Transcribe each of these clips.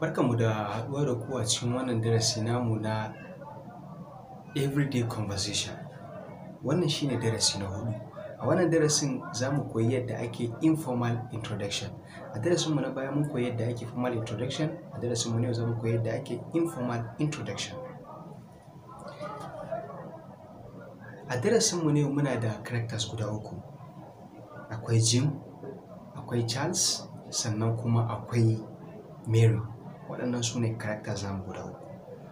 Barkanmu da haɗuwa da ku a cikin wannan darasi namu na everyday conversation. Wannan shi ne darasi na hudu. A wannan darasin za mu koyi yadda ake informal introduction. A darasinmu na baya mun koyi yadda ake formal introduction, a darasinmu na yau za mu koyi yadda ake informal introduction. A darasinmu na yau muna da characters guda uku. Akwai Jim, akwai Charles, sannan kuma akwai Mary. waɗannan su ne characters zamu guda uku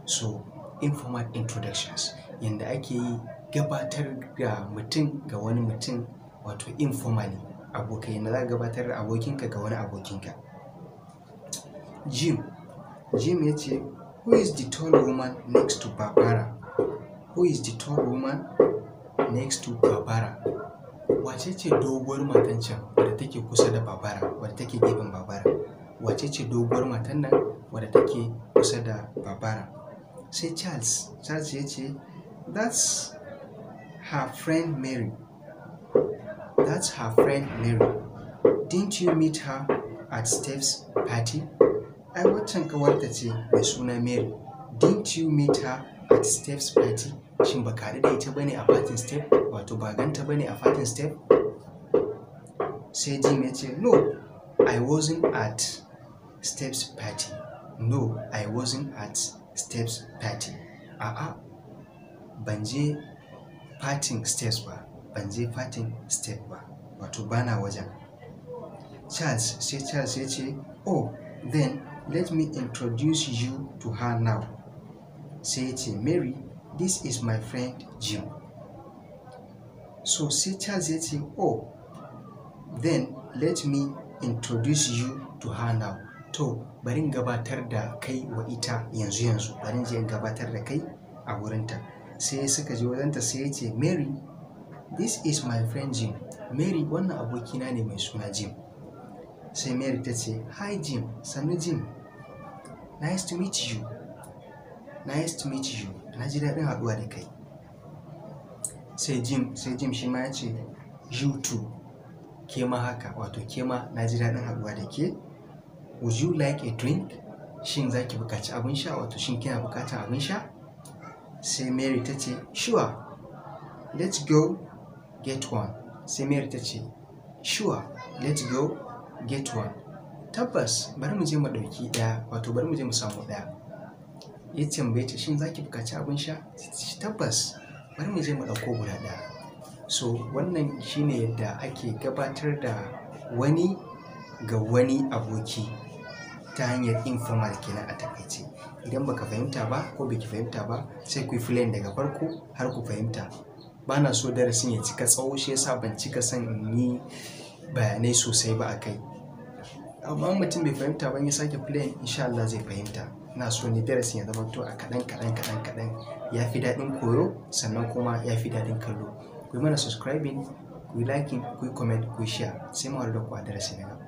so informal introductions yadda ake yi gabatar ga mutum ga wani mutum wato informally abokai na za gabatar da abokinka ga wani abokinka jim jim ya ce who is the tall woman next to barbara who is the tall woman next to barbara wace ce doguwar matan can wadda take kusa da babara wadda take gefen babara wace ce doguwar matan nan wadda take kusa da babara sai charles charles ya ce that's her friend mary that's her friend mary didn't you meet her at steve's party ai waccan kawarta ce mai suna mary didn't you meet her at steve's party shin ba kare da ita bane a fatin step wato ba ganta bane a fatin step sai jim ya ce no i wasn't at steps party no i wasn't at steps party a'a ah banje parting steps ba banje je step ba wato bana wajen charles sai charles ya ce oh then let me introduce you to her now sai ce mary this is my friend jim so sai charles ya ce oh then let me introduce you to her now to barin gabatar da kai wa ita yanzu yanzu barin je in gabatar da kai a wurinta sai suka je wajenta sai ya ce mary this is my friend jim mary wannan abokina ne mai suna jim sai mary ta ce hi jim sannu jim nice to meet you nice to meet you na ji daɗin haɗuwa da kai sai jim sai jim shi ma ya ce you too ke ma haka wato ke ma na ji daɗin haɗuwa da ke would you like a drink shin za ki bukaci abin sha wato shin kina bukatan abin sha sai mary ta ce sure let's go get one sai mary ta ce sure let's go get one tabbas bari mu je mu ɗauki ɗaya wato bari mu je mu samu ɗaya ya tambaye ta shin za ki bukaci abin sha tabbas bari mu je mu ɗauko guda ɗaya so wannan shine yadda ake gabatar da wani ga wani aboki ta hanyar informal kenan a takaice idan baka fahimta ba ko baki fahimta ba sai kuyi filayin daga farko har ku fahimta bana so darasin ya cika tsawo shi yasa ban cika son in yi bayanai sosai ba a kai. amma mutum bai fahimta ba ya sake filayin? insha Allah zai fahimta na so ne darasin ya zama to a kaɗan kaɗan kaɗan kaɗan ya fi daɗin koyo sannan kuma ya fi daɗin kallo ku yi mana subscribing ku yi liking ku yi comment ku yi share sai mu da ku a darasi na gaba